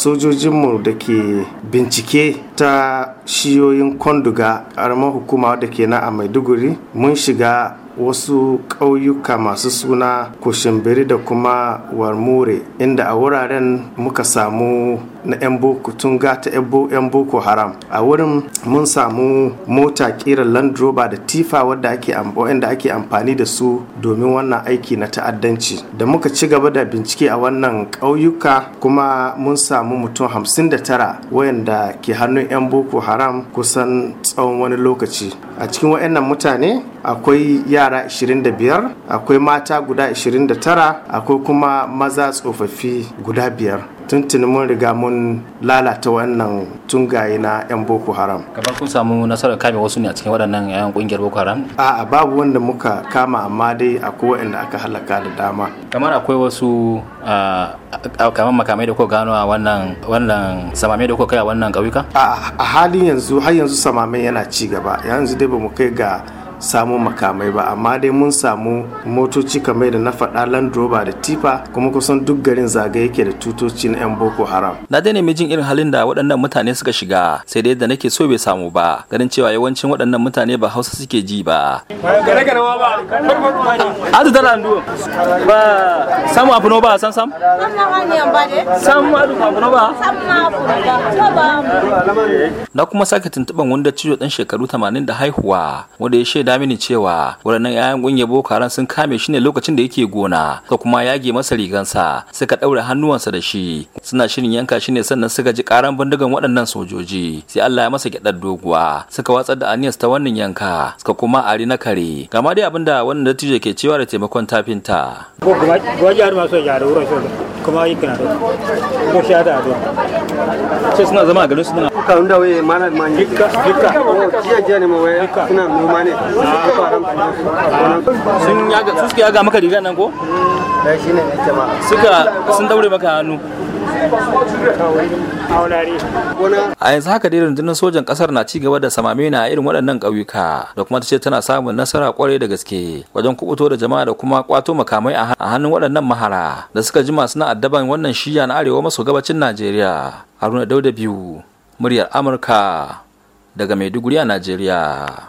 sojojinmu da ke bincike ta shiyoyin kwanduga a hukuma da ke na a maiduguri mun shiga wasu ƙauyuka masu suna kushimbiri da kuma warmure inda a wuraren muka samu na 'yan boko tun ta 'yan boko haram a wurin mun samu mota kira land rover da tifa wadda ake wanda ake amfani da su domin wannan aiki na ta'addanci da muka ci gaba da bincike a wannan ƙauyuka kuma mun samu mutum tara, wayanda ke hannun 'yan boko haram kusan tsawon wani lokaci a cikin wayannan mutane akwai yara 25 akwai mata guda 29 akwai kuma maza tsofaffi guda biyar Tuntun mun riga mun lalata wannan tungaye na 'yan boko haram kamar kun samu nasarar kame wasu ne a cikin waɗannan 'yan ƙungiyar boko haram a babu wanda muka kama amma dai akwai waɗanda aka halaka da dama kamar akwai wasu kamar makamai da ko gano a wannan wannan samamai da ko kai a wannan ƙauyuka a halin yanzu har yanzu samamai yana ci gaba yanzu dai ba mu kai ga samu makamai ba amma dai mun samu motoci kamar da na faɗa land rover da tifa kuma kusan duk garin zagaye yake da tutoci na yan boko haram na dai ne mijin irin halin da waɗannan mutane suka shiga sai dai da nake so bai samu ba ganin cewa yawancin waɗannan mutane ba hausa suke ji ba adu ba samu abu no ba san sam samu abu no ba na kuma sake tuntuɓan wanda ciwo ɗan shekaru 80 da haihuwa wanda ya shaida shaida mini cewa waɗannan 'ya'yan ƙungiyar boko haram sun kame shi ne lokacin da yake gona ko kuma yage masa rigansa suka ɗaure hannuwansa da shi suna shirin yanka shi ne sannan suka ji ƙaran bindigan waɗannan sojoji sai Allah ya masa gyaɗar doguwa suka watsar da aniyas ta wannan yanka suka kuma ari na kare gama dai abinda wannan dattijo ke cewa da taimakon tafinta. kuma yi kana ko shi da ado ce suna zama a garin su suna ka inda waye mana ma ne man dikka dikka oh, jiya jiya ne ma waye suna mu ma ne ah. sun yaga su suke yaga maka riga nan ko mm, eh shine ne jama'a suka sun daure maka hannu a yanzu haka dai rundunar sojan kasar na cigaba da samame na irin waɗannan ƙauyuka da kuma ta ce tana samun nasara kwarai da gaske wajen kubuto da jama'a da kuma kwato makamai a hannun waɗannan mahara da suka jima suna addaban wannan shiya na arewa maso gabacin najeriya haruna dauda biyu muryar amurka daga maiduguri a najeriya